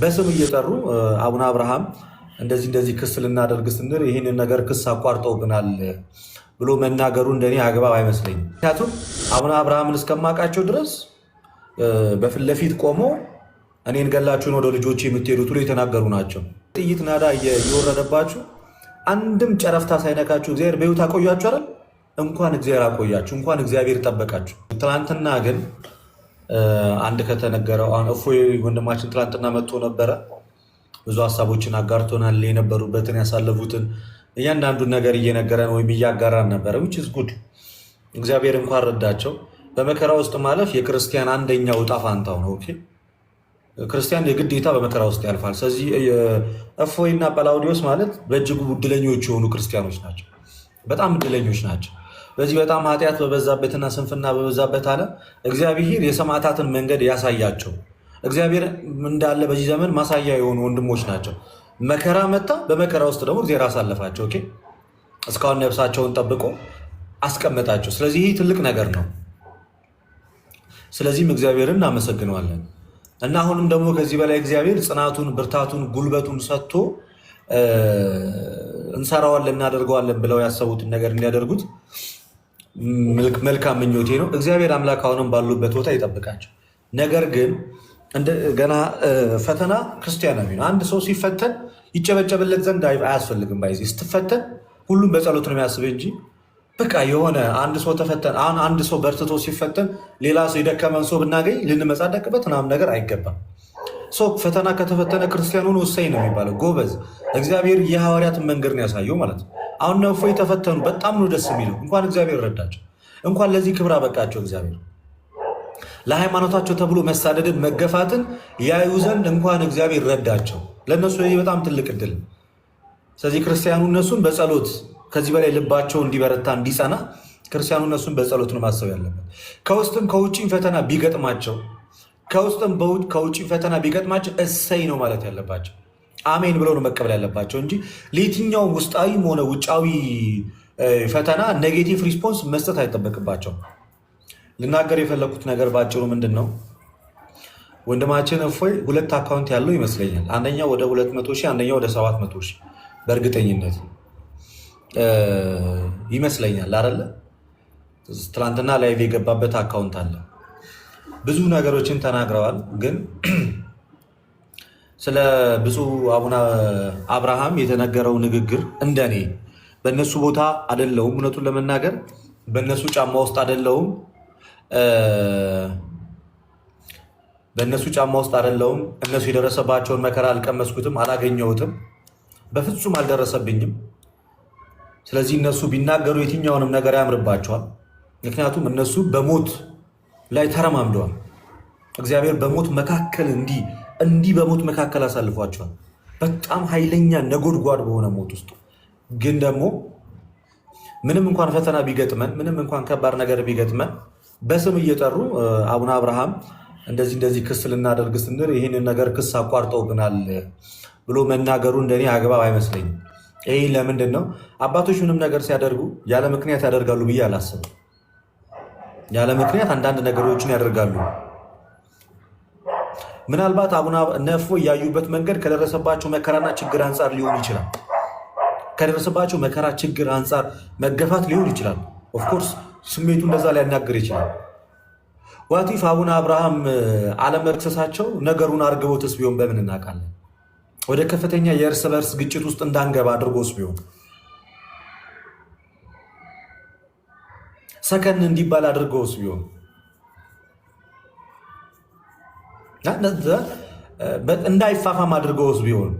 በስም እየጠሩ አቡነ አብርሃም እንደዚህ እንደዚህ ክስ ልናደርግ ስንል ይህንን ነገር ክስ አቋርጠውብናል ብሎ መናገሩ እንደኔ አግባብ አይመስለኝም። ምክንያቱም አቡነ አብርሃምን እስከማውቃቸው ድረስ በፊት ለፊት ቆሞ እኔን ገላችሁን ወደ ልጆች የምትሄዱት ብሎ የተናገሩ ናቸው። ጥይት ናዳ እየወረደባችሁ አንድም ጨረፍታ ሳይነካችሁ እግዚአብሔር በሕይወት አቆያችሁ አይደል? እንኳን እግዚአብሔር አቆያችሁ፣ እንኳን እግዚአብሔር ጠበቃችሁ። ትናንትና ግን አንድ ከተነገረው እፎይ ወንድማችን ትላንትና መጥቶ ነበረ። ብዙ ሀሳቦችን አጋርቶናል። የነበሩበትን ያሳለፉትን እያንዳንዱን ነገር እየነገረን ወይም እያጋራን ነበረ። ጉድ። እግዚአብሔር እንኳን ረዳቸው። በመከራ ውስጥ ማለፍ የክርስቲያን አንደኛው ዕጣ ፋንታው ነው። ኦኬ ክርስቲያን የግዴታ በመከራ ውስጥ ያልፋል። ስለዚህ እፎይና ጳላውዲዮስ ማለት በእጅጉ እድለኞች የሆኑ ክርስቲያኖች ናቸው። በጣም እድለኞች ናቸው። በዚህ በጣም ኃጢአት በበዛበትና ስንፍና በበዛበት ዓለም እግዚአብሔር የሰማዕታትን መንገድ ያሳያቸው። እግዚአብሔር እንዳለ በዚህ ዘመን ማሳያ የሆኑ ወንድሞች ናቸው። መከራ መታ፣ በመከራ ውስጥ ደግሞ እግዚአብሔር አሳለፋቸው። ኦኬ እስካሁን ነፍሳቸውን ጠብቆ አስቀመጣቸው። ስለዚህ ይህ ትልቅ ነገር ነው። ስለዚህም እግዚአብሔርን እናመሰግነዋለን እና አሁንም ደግሞ ከዚህ በላይ እግዚአብሔር ጽናቱን፣ ብርታቱን፣ ጉልበቱን ሰጥቶ እንሰራዋለን እናደርገዋለን ብለው ያሰቡትን ነገር እንዲያደርጉት መልካም ምኞቴ ነው። እግዚአብሔር አምላክ አሁንም ባሉበት ቦታ ይጠብቃቸው። ነገር ግን ገና ፈተና ክርስቲያናዊ ነው። አንድ ሰው ሲፈተን ይጨበጨብለት ዘንድ አያስፈልግም። ባይዜ ስትፈተን ሁሉም በጸሎት ነው የሚያስብ እንጂ በቃ የሆነ አንድ ሰው ተፈተን አንድ ሰው በርትቶ ሲፈተን ሌላ ሰው የደከመን ሰው ብናገኝ ልንመጻደቅበት ምናምን ነገር አይገባም። ሰው ፈተና ከተፈተነ ክርስቲያን ሆኖ ወሳኝ ነው የሚባለው። ጎበዝ እግዚአብሔር የሐዋርያትን መንገድ ነው ያሳየው ማለት ነው። አሁን ነው እፎይ የተፈተኑ በጣም ነው ደስ የሚለው። እንኳን እግዚአብሔር ረዳቸው፣ እንኳን ለዚህ ክብር አበቃቸው። እግዚአብሔር ለሃይማኖታቸው ተብሎ መሳደድን፣ መገፋትን ያዩ ዘንድ እንኳን እግዚአብሔር ረዳቸው። ለእነሱ ይህ በጣም ትልቅ እድል። ስለዚህ ክርስቲያኑ እነሱን በጸሎት ከዚህ በላይ ልባቸው እንዲበረታ እንዲጸና ክርስቲያኑ እነሱን በጸሎት ነው ማሰብ ያለበት። ከውስጥም ከውጭም ፈተና ቢገጥማቸው ከውስጥም ከውጭ ፈተና ቢገጥማቸው እሰይ ነው ማለት ያለባቸው አሜን ብለው ነው መቀበል ያለባቸው እንጂ ለየትኛውም ውስጣዊም ሆነ ውጫዊ ፈተና ኔጌቲቭ ሪስፖንስ መስጠት አይጠበቅባቸው። ልናገር የፈለኩት ነገር ባጭሩ ምንድን ነው? ወንድማችን እፎይ ሁለት አካውንት ያለው ይመስለኛል። አንደኛው ወደ 200 ሺህ አንደኛው ወደ 700 ሺህ በእርግጠኝነት ይመስለኛል። አለ ትናንትና ላይቭ የገባበት አካውንት አለ ብዙ ነገሮችን ተናግረዋል። ግን ስለ ብፁዕ አቡነ አብርሃም የተነገረው ንግግር እንደኔ በእነሱ ቦታ አይደለሁም፣ እውነቱን ለመናገር በእነሱ ጫማ ውስጥ አይደለሁም፣ በእነሱ ጫማ ውስጥ አደለውም። እነሱ የደረሰባቸውን መከራ አልቀመስኩትም፣ አላገኘሁትም፣ በፍጹም አልደረሰብኝም። ስለዚህ እነሱ ቢናገሩ የትኛውንም ነገር ያምርባቸዋል። ምክንያቱም እነሱ በሞት ላይ ተረማምደዋል። እግዚአብሔር በሞት መካከል እንዲህ እንዲህ በሞት መካከል አሳልፏቸዋል። በጣም ኃይለኛ ነጎድጓድ በሆነ ሞት ውስጥ ግን ደግሞ ምንም እንኳን ፈተና ቢገጥመን፣ ምንም እንኳን ከባድ ነገር ቢገጥመን በስም እየጠሩ አቡነ አብርሃም እንደዚህ እንደዚህ ክስ ልናደርግ ስንል ይህንን ነገር ክስ አቋርጠውብናል ብሎ መናገሩ እንደኔ አግባብ አይመስለኝም። ይህ ለምንድን ነው አባቶች ምንም ነገር ሲያደርጉ ያለ ምክንያት ያደርጋሉ ብዬ አላስብም። ያለ ምክንያት አንዳንድ ነገሮችን ያደርጋሉ። ምናልባት አቡነ ነፎ እያዩበት መንገድ ከደረሰባቸው መከራና ችግር አንጻር ሊሆን ይችላል። ከደረሰባቸው መከራ ችግር አንጻር መገፋት ሊሆን ይችላል። ኦፍኮርስ ስሜቱ እንደዛ ሊያናገር ይችላል። ዋቲፍ አቡነ አብርሃም አለመርክሰሳቸው ነገሩን አርግቦትስ ቢሆን በምን እናውቃለን? ወደ ከፍተኛ የእርስ በእርስ ግጭት ውስጥ እንዳንገባ አድርጎስ ቢሆን ሰከን እንዲባል አድርገውስ ቢሆን እንዳይፋፋም አድርገውስ ቢሆን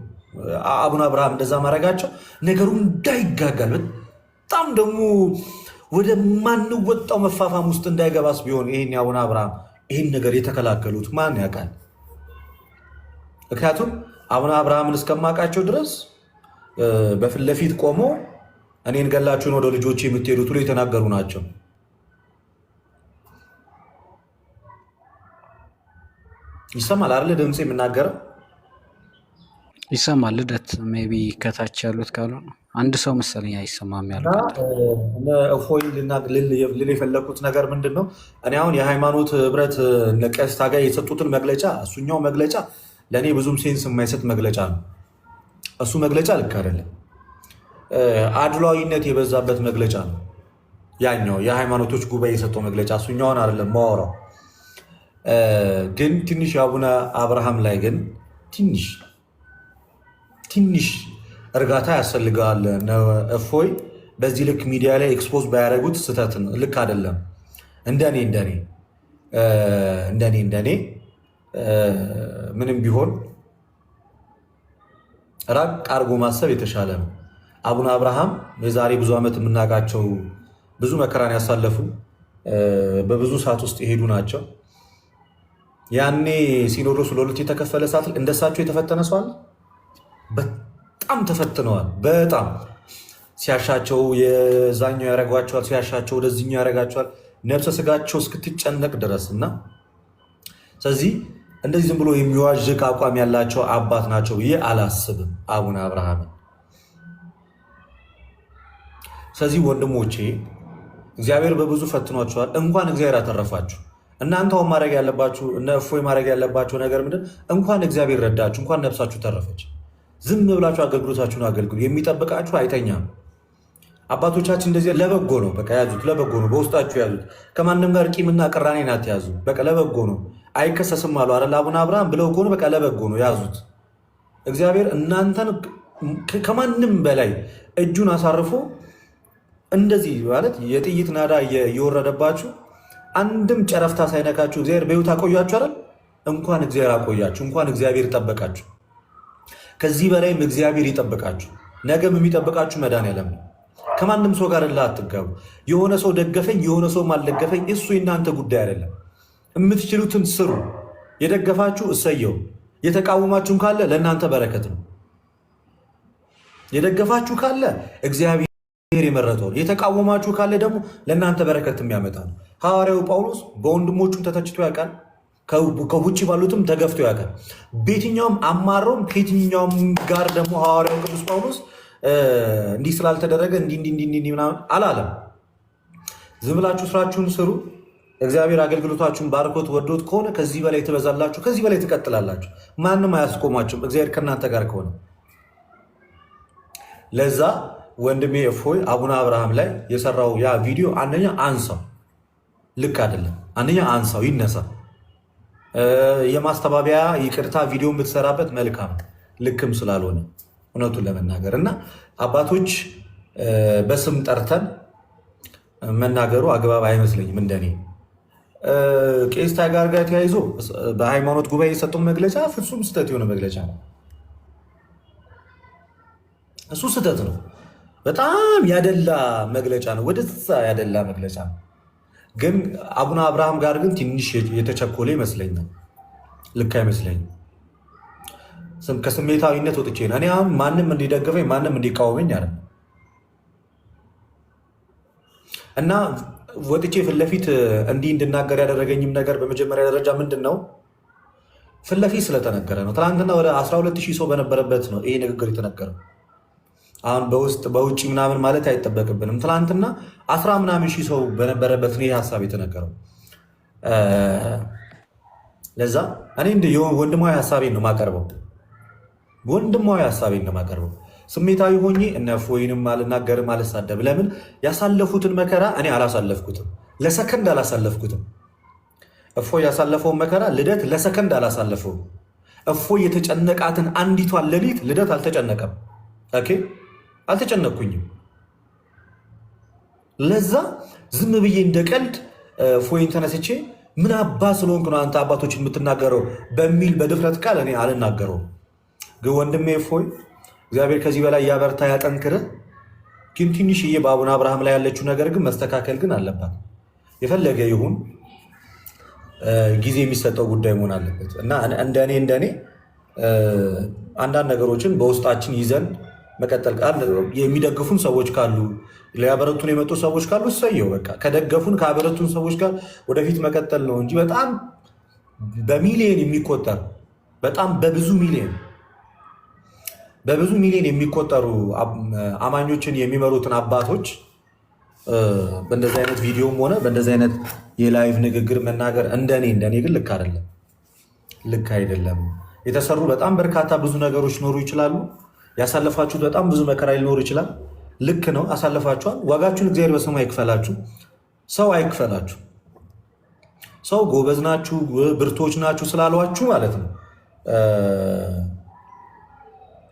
አቡነ አብርሃም እንደዛ ማድረጋቸው ነገሩ እንዳይጋጋል በጣም ደግሞ ማንወጣው መፋፋም ውስጥ እንዳይገባስ ቢሆን ይህን አቡነ አብርሃም ይህን ነገር የተከላከሉት ማን ያውቃል? ምክንያቱም አቡነ አብርሃምን እስከማውቃቸው ድረስ በፊት ለፊት ቆሞ እኔን ገላችሁን ወደ ልጆች የምትሄዱት ብሎ የተናገሩ ናቸው። ይሰማል አይደል? ድምፅ የምናገረው ይሰማል። ልደት ሜይ ቢ ከታች ያሉት ካሉ አንድ ሰው መሰለኝ አይሰማም ያለው። እፎይ ልል የፈለግኩት ነገር ምንድን ነው? እኔ አሁን የሃይማኖት ህብረት ቀሲስ ታጋይ የሰጡትን መግለጫ እሱኛው መግለጫ ለእኔ ብዙም ሴንስ የማይሰጥ መግለጫ ነው። እሱ መግለጫ ልክ አይደለም። አድሏዊነት የበዛበት መግለጫ ነው። ያኛው የሃይማኖቶች ጉባኤ የሰጠው መግለጫ እሱኛውን አይደለም ማወራው ግን ትንሽ አቡነ አብርሃም ላይ ግን ትንሽ ትንሽ እርጋታ ያስፈልገዋል። እፎይ በዚህ ልክ ሚዲያ ላይ ኤክስፖዝ ባያደረጉት ስህተት ነው፣ ልክ አይደለም። እንደኔ እንደኔ እንደኔ እንደኔ ምንም ቢሆን ራቅ አድርጎ ማሰብ የተሻለ ነው። አቡነ አብርሃም የዛሬ ብዙ ዓመት የምናውቃቸው ብዙ መከራን ያሳለፉ በብዙ ሰዓት ውስጥ የሄዱ ናቸው። ያኔ ሲኖዶሱ ለሁለት የተከፈለ ሰዓት እንደሳቸው የተፈተነ ሰው አለ። በጣም ተፈትነዋል። በጣም ሲያሻቸው የዛኛው ያደርጓቸዋል፣ ሲያሻቸው ወደዚኛው ያደርጋቸዋል ነብሰ ስጋቸው እስክትጨነቅ ድረስ እና ስለዚህ እንደዚህ ዝም ብሎ የሚዋዥቅ አቋም ያላቸው አባት ናቸው ብዬ አላስብም አቡነ አብርሃምን። ስለዚህ ወንድሞቼ እግዚአብሔር በብዙ ፈትኗቸዋል። እንኳን እግዚአብሔር አተረፋችሁ። እናንተውን ማድረግ ያለባችሁ እነ እፎይ ማድረግ ያለባቸው ነገር ምንድን እንኳን እግዚአብሔር ረዳችሁ፣ እንኳን ነፍሳችሁ ተረፈች። ዝም ብላችሁ አገልግሎታችሁን አገልግሉ። የሚጠብቃችሁ አይተኛም። አባቶቻችን እንደዚህ ለበጎ ነው። በቃ ያዙት፣ ለበጎ ነው። በውስጣችሁ ያዙት። ከማንም ጋር ቂምና ናት ያዙ በቃ ለበጎ ነው፣ አይከሰስም አሉ አረ አቡነ አብርሃም ብለው ከሆኑ በቃ ለበጎ ነው፣ ያዙት። እግዚአብሔር እናንተን ከማንም በላይ እጁን አሳርፎ እንደዚህ ማለት የጥይት ናዳ እየወረደባችሁ አንድም ጨረፍታ ሳይነካችሁ እግዚአብሔር በሕይወት አቆያችሁ አይደል? እንኳን እግዚአብሔር አቆያችሁ፣ እንኳን እግዚአብሔር ጠበቃችሁ። ከዚህ በላይም እግዚአብሔር ይጠብቃችሁ። ነገም የሚጠብቃችሁ መድኃኒዓለም ነው። ከማንም ሰው ጋር እልህ አትጋቡ። የሆነ ሰው ደገፈኝ፣ የሆነ ሰውም አልደገፈኝ፣ እሱ የእናንተ ጉዳይ አይደለም። የምትችሉትን ስሩ። የደገፋችሁ እሰየው፣ የተቃወማችሁን ካለ ለእናንተ በረከት ነው። የደገፋችሁ ካለ እግዚአብሔር እግዚአብሔር የመረጠው የተቃወማችሁ ካለ ደግሞ ለእናንተ በረከት የሚያመጣ ነው። ሐዋርያው ጳውሎስ በወንድሞቹም ተተችቶ ያውቃል፣ ከውጭ ባሉትም ተገፍቶ ያውቃል። በየትኛውም አማረውም ከየትኛውም ጋር ደግሞ ሐዋርያው ቅዱስ ጳውሎስ እንዲህ ስላልተደረገ እንዲህ እንዲህ እንዲህ ምናምን አላለም። ዝም ብላችሁ ስራችሁን ስሩ። እግዚአብሔር አገልግሎታችሁን ባርኮት ወዶት ከሆነ ከዚህ በላይ ትበዛላችሁ፣ ከዚህ በላይ ትቀጥላላችሁ። ማንም አያስቆማችሁም፣ እግዚአብሔር ከእናንተ ጋር ከሆነ ለዛ ወንድሜ እፎይ አቡነ አብርሃም ላይ የሰራው ያ ቪዲዮ አንደኛ አንሳው፣ ልክ አይደለም። አንደኛ አንሳው፣ ይነሳ። የማስተባበያ ይቅርታ ቪዲዮ የምትሰራበት መልካም ልክም ስላልሆነ እውነቱን ለመናገር እና አባቶች በስም ጠርተን መናገሩ አግባብ አይመስለኝም። እንደኔ ቄስ ታጋር ጋር ተያይዞ በሃይማኖት ጉባኤ የሰጠው መግለጫ ፍጹም ስህተት የሆነ መግለጫ ነው። እሱ ስህተት ነው። በጣም ያደላ መግለጫ ነው፣ ወደዛ ያደላ መግለጫ ነው። ግን አቡነ አብርሃም ጋር ግን ትንሽ የተቸኮለ ይመስለኛል። ልክ አይመስለኝም። ከስሜታዊነት ወጥቼ ነው እኔ አሁን ማንም እንዲደግፈኝ ማንም እንዲቃወመኝ አለ እና ወጥቼ ፊት ለፊት እንዲህ እንድናገር ያደረገኝም ነገር በመጀመሪያ ደረጃ ምንድን ነው ፊት ለፊት ስለተነገረ ነው። ትናንትና ወደ 12 ሺህ ሰው በነበረበት ነው ይሄ ንግግር የተነገረው። አሁን በውስጥ በውጭ ምናምን ማለት አይጠበቅብንም። ትናንትና አስራ ምናምን ሺህ ሰው በነበረበት ነው ይህ ሀሳብ የተነገረው። ለዛ እኔ እንደ ወንድማዊ ሀሳቤን ነው ማቀርበው፣ ወንድማዊ ሀሳቤን ነው ማቀርበው። ስሜታዊ ሆኜ እነ እፎይንም አልናገርም፣ አልሳደብ። ለምን ያሳለፉትን መከራ እኔ አላሳለፍኩትም፣ ለሰከንድ አላሳለፍኩትም። እፎ ያሳለፈውን መከራ ልደት ለሰከንድ አላሳለፈውም። እፎ የተጨነቃትን አንዲቷን ሌሊት ልደት አልተጨነቀም። ኦኬ አልተጨነኩኝም ለዛ ዝም ብዬ እንደ ቀልድ ፎይን ተነስቼ ምን አባ ስለሆንክ ነው አንተ አባቶች የምትናገረው በሚል በድፍረት ቃል እኔ አልናገረውም። ግን ወንድሜ ፎይ እግዚአብሔር ከዚህ በላይ ያበርታ ያጠንክረ ግን ትንሽዬ በአቡነ አብርሃም ላይ ያለችው ነገር ግን መስተካከል ግን አለባት። የፈለገ ይሁን ጊዜ የሚሰጠው ጉዳይ መሆን አለበት እና እንደኔ እንደኔ አንዳንድ ነገሮችን በውስጣችን ይዘን መቀጠል የሚደግፉን ሰዎች ካሉ ሊያበረቱን የመጡ ሰዎች ካሉ እሰየው። በቃ ከደገፉን ከአበረቱን ሰዎች ጋር ወደፊት መቀጠል ነው እንጂ በጣም በሚሊዮን የሚቆጠር በጣም በብዙ ሚሊየን በብዙ ሚሊዮን የሚቆጠሩ አማኞችን የሚመሩትን አባቶች በእንደዚህ አይነት ቪዲዮም ሆነ በእንደዚህ አይነት የላይቭ ንግግር መናገር እንደኔ እንደኔ ግን ልክ አይደለም፣ ልክ አይደለም። የተሰሩ በጣም በርካታ ብዙ ነገሮች ኖሩ ይችላሉ ያሳለፋችሁት በጣም ብዙ መከራ ሊኖር ይችላል። ልክ ነው፣ አሳለፋችኋል። ዋጋችሁን እግዚአብሔር በሰማይ ይክፈላችሁ፣ ሰው አይክፈላችሁ። ሰው ጎበዝ ናችሁ፣ ብርቶች ናችሁ ስላሏችሁ ማለት ነው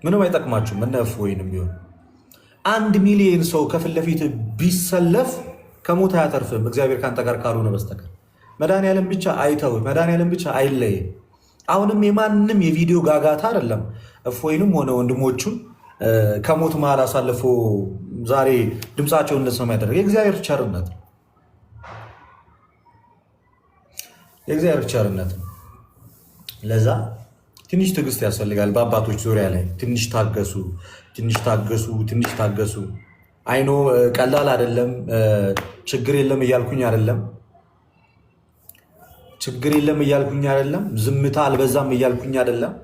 ምንም አይጠቅማችሁም። እነፍ ወይንም ቢሆን አንድ ሚሊዮን ሰው ከፊት ለፊት ቢሰለፍ ከሞት አያተርፍም እግዚአብሔር ከአንተ ጋር ካልሆነ በስተቀር መድኃኒዓለም ብቻ አይተው፣ መድኃኒዓለም ብቻ አይለይ። አሁንም የማንም የቪዲዮ ጋጋታ አይደለም። እፎይንም ሆነ ወንድሞቹን ከሞት መሃል አሳልፎ ዛሬ ድምፃቸውን እንደሰማ ያደረገ የእግዚአብሔር ቸርነት ነው። የእግዚአብሔር ቸርነት ነው። ለዛ ትንሽ ትዕግስት ያስፈልጋል። በአባቶች ዙሪያ ላይ ትንሽ ታገሱ፣ ትንሽ ታገሱ፣ ትንሽ ታገሱ። አይኖ ቀላል አይደለም። ችግር የለም እያልኩኝ አይደለም። ችግር የለም እያልኩኝ አይደለም። ዝምታ አልበዛም እያልኩኝ አይደለም።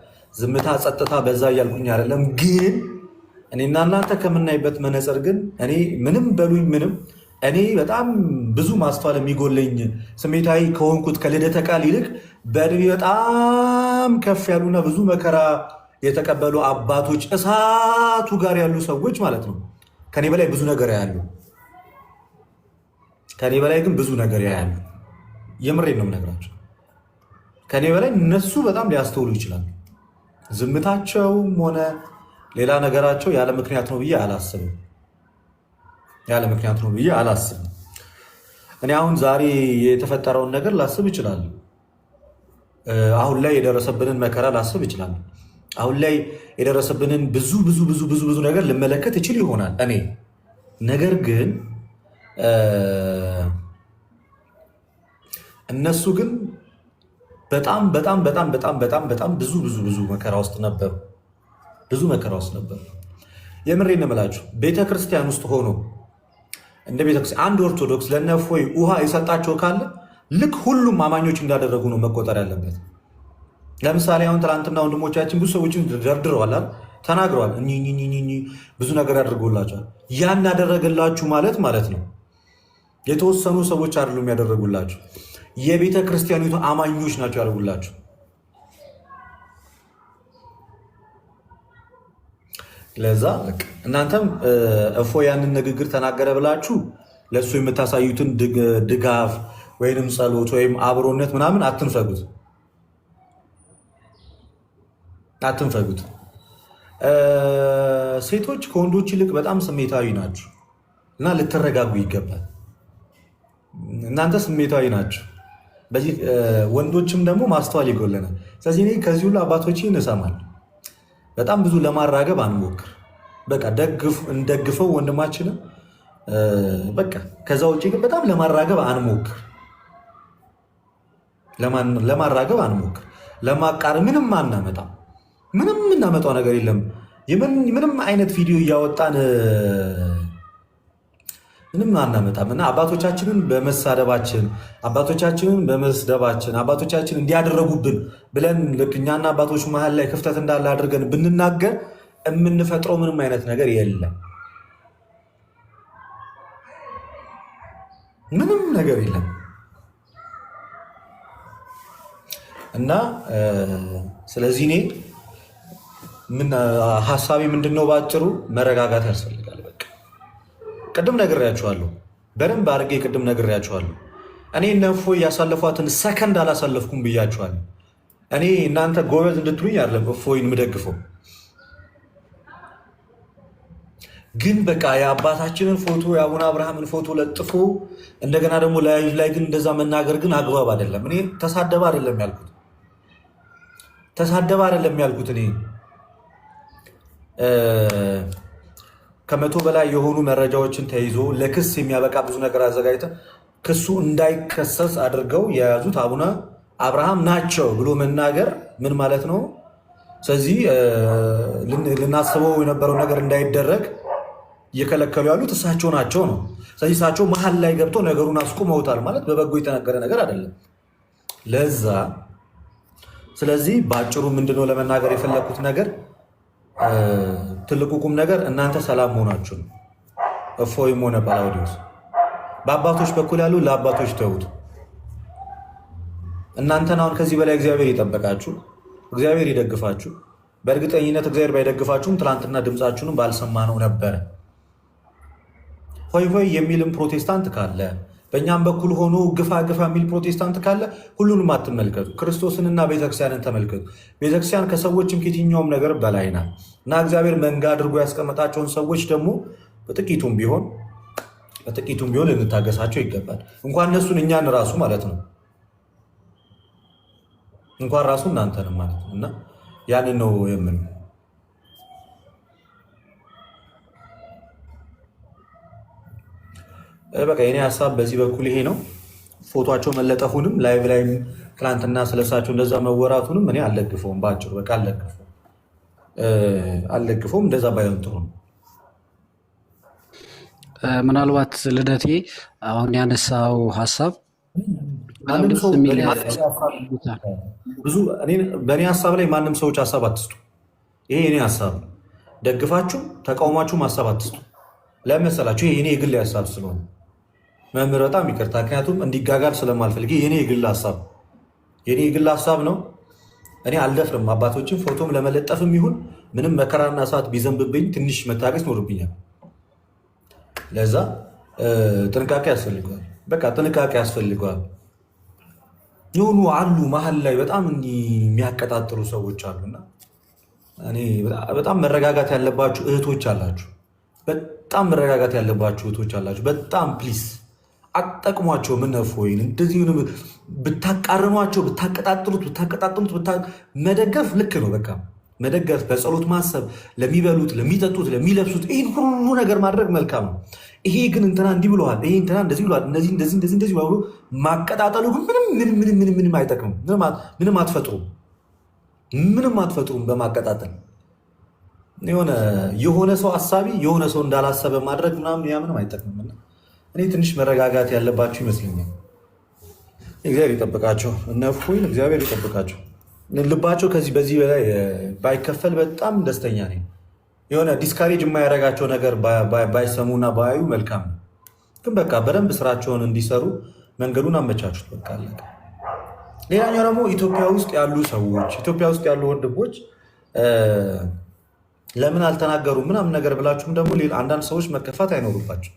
ዝምታ፣ ጸጥታ በዛ እያልኩኝ አይደለም። ግን እኔና እናንተ ከምናይበት መነጽር ግን እኔ ምንም በሉኝ ምንም እኔ በጣም ብዙ ማስተዋል የሚጎለኝ ስሜታዊ ከሆንኩት ከልደተ ቃል ይልቅ በእድሜ በጣም ከፍ ያሉና ብዙ መከራ የተቀበሉ አባቶች እሳቱ ጋር ያሉ ሰዎች ማለት ነው ከኔ በላይ ብዙ ነገር ያሉ ከኔ በላይ ግን ብዙ ነገር ያሉ የምሬን ነው የምነግራቸው። ከኔ በላይ እነሱ በጣም ሊያስተውሉ ይችላሉ። ዝምታቸውም ሆነ ሌላ ነገራቸው ያለ ምክንያት ነው ብዬ አላስብም። ያለ ምክንያት ነው ብዬ አላስብም። እኔ አሁን ዛሬ የተፈጠረውን ነገር ላስብ ይችላል። አሁን ላይ የደረሰብንን መከራ ላስብ ይችላል አሁን ላይ የደረሰብንን ብዙ ብዙ ብዙ ብዙ ብዙ ነገር ልመለከት ይችል ይሆናል እኔ ነገር ግን እነሱ ግን በጣም በጣም በጣም በጣም በጣም በጣም ብዙ ብዙ ብዙ መከራ ውስጥ ነበሩ። ብዙ መከራ ውስጥ ነበሩ። የምሬን እምላችሁ ቤተ ክርስቲያን ውስጥ ሆኖ እንደ ቤተ ክርስቲያን አንድ ኦርቶዶክስ ለነፎይ ውሃ የሰጣቸው ካለ ልክ ሁሉም አማኞች እንዳደረጉ ነው መቆጠር ያለበት። ለምሳሌ አሁን ትናንትና ወንድሞቻችን ብዙ ሰዎችን ደርድረዋል፣ ተናግረዋል፣ ብዙ ነገር ያደርጉላቸዋል። ያን ያደረገላችሁ ማለት ማለት ነው የተወሰኑ ሰዎች አይደሉም ያደረጉላችሁ የቤተ ክርስቲያኒቱ አማኞች ናቸው ያደርጉላቸው። ለዛ እናንተም እፎ ያንን ንግግር ተናገረ ብላችሁ ለእሱ የምታሳዩትን ድጋፍ ወይንም ጸሎት ወይም አብሮነት ምናምን አትንፈጉት አትንፈጉት። ሴቶች ከወንዶች ይልቅ በጣም ስሜታዊ ናችሁ እና ልትረጋጉ ይገባል። እናንተ ስሜታዊ ናችሁ። በዚህ ወንዶችም ደግሞ ማስተዋል ይጎለናል። ስለዚህ እኔ ከዚህ ሁሉ አባቶች እንሰማል። በጣም ብዙ ለማራገብ አንሞክር። በቃ እንደግፈው ወንድማችንም በቃ ከዛ ውጭ ግን በጣም ለማራገብ አንሞክር፣ ለማራገብ አንሞክር፣ ለማቃር ምንም አናመጣም። ምንም የምናመጣው ነገር የለም። ምንም አይነት ቪዲዮ እያወጣን ምንም አናመጣም እና አባቶቻችንን በመሳደባችን አባቶቻችንን በመስደባችን አባቶቻችን እንዲያደረጉብን ብለን ልክ እኛና አባቶች መሀል ላይ ክፍተት እንዳለ አድርገን ብንናገር የምንፈጥረው ምንም አይነት ነገር የለም። ምንም ነገር የለም እና ስለዚህ እኔ ሀሳቤ ምንድን ነው በአጭሩ መረጋጋት ያስፈልጋል። ቅድም ነግሬያችኋለሁ፣ በደንብ አድርጌ ቅድም ነግሬያችኋለሁ። እኔ እነ እፎይ ያሳለፏትን ሰከንድ አላሳለፍኩም ብያችኋል። እኔ እናንተ ጎበዝ እንድትሉኝ አይደለም እፎይን የምደግፈው ግን በቃ የአባታችንን ፎቶ የአቡነ አብርሃምን ፎቶ ለጥፎ እንደገና ደግሞ ላይቭ ላይ ግን እንደዛ መናገር ግን አግባብ አይደለም። እኔ ተሳደበ አይደለም ያልኩት፣ ተሳደበ አይደለም ያልኩት እኔ ከመቶ በላይ የሆኑ መረጃዎችን ተይዞ ለክስ የሚያበቃ ብዙ ነገር አዘጋጅተን ክሱ እንዳይከሰስ አድርገው የያዙት አቡነ አብርሃም ናቸው ብሎ መናገር ምን ማለት ነው? ስለዚህ ልናስበው የነበረው ነገር እንዳይደረግ እየከለከሉ ያሉት እሳቸው ናቸው ነው። ስለዚህ እሳቸው መሀል ላይ ገብቶ ነገሩን አስቁመውታል ማለት በበጎ የተነገረ ነገር አይደለም። ለዛ ስለዚህ በአጭሩ ምንድነው ለመናገር የፈለግኩት ነገር ትልቁ ቁም ነገር እናንተ ሰላም መሆናችሁ ነው። እፎይም ሆነ ጳላውዲዮስ በአባቶች በኩል ያሉ ለአባቶች ተዉት። እናንተን አሁን ከዚህ በላይ እግዚአብሔር ይጠበቃችሁ፣ እግዚአብሔር ይደግፋችሁ። በእርግጠኝነት እግዚአብሔር ባይደግፋችሁም ትናንትና ድምፃችሁንም ባልሰማ ነው ነበረ ሆይ ሆይ የሚልም ፕሮቴስታንት ካለ በእኛም በኩል ሆኖ ግፋ ግፋ የሚል ፕሮቴስታንት ካለ ሁሉንም አትመልከቱ፣ ክርስቶስንና ቤተክርስቲያንን ተመልከቱ። ቤተክርስቲያን ከሰዎችም ከየትኛውም ነገር በላይ ናት እና እግዚአብሔር መንጋ አድርጎ ያስቀመጣቸውን ሰዎች ደግሞ በጥቂቱም ቢሆን በጥቂቱም ቢሆን ልንታገሳቸው ይገባል። እንኳን እነሱን እኛን ራሱ ማለት ነው እንኳን ራሱ እናንተንም ማለት ነው እና ያንን ነው የምን በቃ የኔ ሀሳብ በዚህ በኩል ይሄ ነው። ፎቷቸው መለጠፉንም ላይቭ ላይም ትናንትና ስለሳቸው እንደዛ መወራቱንም እኔ አልለግፈውም። በአጭሩ በቃ አልለግፈውም እንደዛ ባይሆን ጥሩ ነው። ምናልባት ልደቴ አሁን ያነሳው ሀሳብ ብዙ በእኔ ሀሳብ ላይ ማንም ሰዎች ሀሳብ አትስጡ። ይሄ የኔ ሀሳብ ነው። ደግፋችሁ ተቃውማችሁም ሀሳብ አትስጡ። ለመሰላችሁ ይሄ የኔ የግል ሀሳብ ስለሆነ መምህር በጣም ይቅርታ፣ ምክንያቱም እንዲጋጋር ስለማልፈልግ የኔ የግል ሀሳብ የኔ የግል ሀሳብ ነው። እኔ አልደፍርም አባቶችን ፎቶም ለመለጠፍም ይሁን ምንም መከራና ሰዓት ቢዘንብብኝ ትንሽ መታገስ ይኖርብኛል። ለዛ ጥንቃቄ ያስፈልገዋል። በቃ ጥንቃቄ ያስፈልገዋል። የሆኑ አሉ መሀል ላይ በጣም የሚያቀጣጥሩ ሰዎች አሉና በጣም መረጋጋት ያለባችሁ እህቶች አላችሁ። በጣም መረጋጋት ያለባችሁ እህቶች አላችሁ። በጣም ፕሊስ አጠቅሟቸው ምነፍ ወይ እንደዚህ ብታቃርኗቸው፣ ብታቀጣጥሉት፣ ብታቀጣጥሉት መደገፍ ልክ ነው። በቃ መደገፍ፣ በጸሎት ማሰብ፣ ለሚበሉት፣ ለሚጠጡት፣ ለሚለብሱት ይህን ሁሉ ነገር ማድረግ መልካም ነው። ይሄ ግን እንትና እንዲህ ብለዋል፣ ይሄ እንትና እንደዚህ ብለዋል፣ እነዚህ እንደዚህ እንደዚህ እንደዚህ ብሎ ማቀጣጠሉ ግን ምንም ምንም ምንም ምንም አይጠቅምም። ምንም አትፈጥሩም፣ ምንም አትፈጥሩም በማቀጣጠል የሆነ የሆነ ሰው አሳቢ የሆነ ሰው እንዳላሰበ ማድረግ ምናምን ያምንም ምንም አይጠቅምም። እኔ ትንሽ መረጋጋት ያለባችሁ ይመስለኛል። እግዚአብሔር ይጠብቃቸው፣ እነ እፎይን እግዚአብሔር ይጠብቃቸው። ልባቸው ከዚህ በዚህ በላይ ባይከፈል በጣም ደስተኛ ነኝ። የሆነ ዲስካሬጅ የማያደርጋቸው ነገር ባይሰሙና ባያዩ መልካም ነው። ግን በቃ በደንብ ስራቸውን እንዲሰሩ መንገዱን አመቻቹት። በቃ አለቀ። ሌላኛው ደግሞ ኢትዮጵያ ውስጥ ያሉ ሰዎች ኢትዮጵያ ውስጥ ያሉ ወንድሞች ለምን አልተናገሩ ምናምን ነገር ብላችሁም ደግሞ አንዳንድ ሰዎች መከፋት አይኖሩባቸው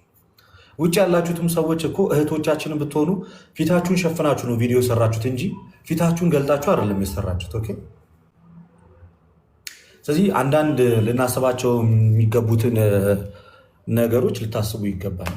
ውጭ ያላችሁትም ሰዎች እኮ እህቶቻችንን ብትሆኑ ፊታችሁን ሸፍናችሁ ነው ቪዲዮ የሰራችሁት እንጂ ፊታችሁን ገልጣችሁ አይደለም የሰራችሁት። ኦኬ። ስለዚህ አንዳንድ ልናስባቸው የሚገቡትን ነገሮች ልታስቡ ይገባል።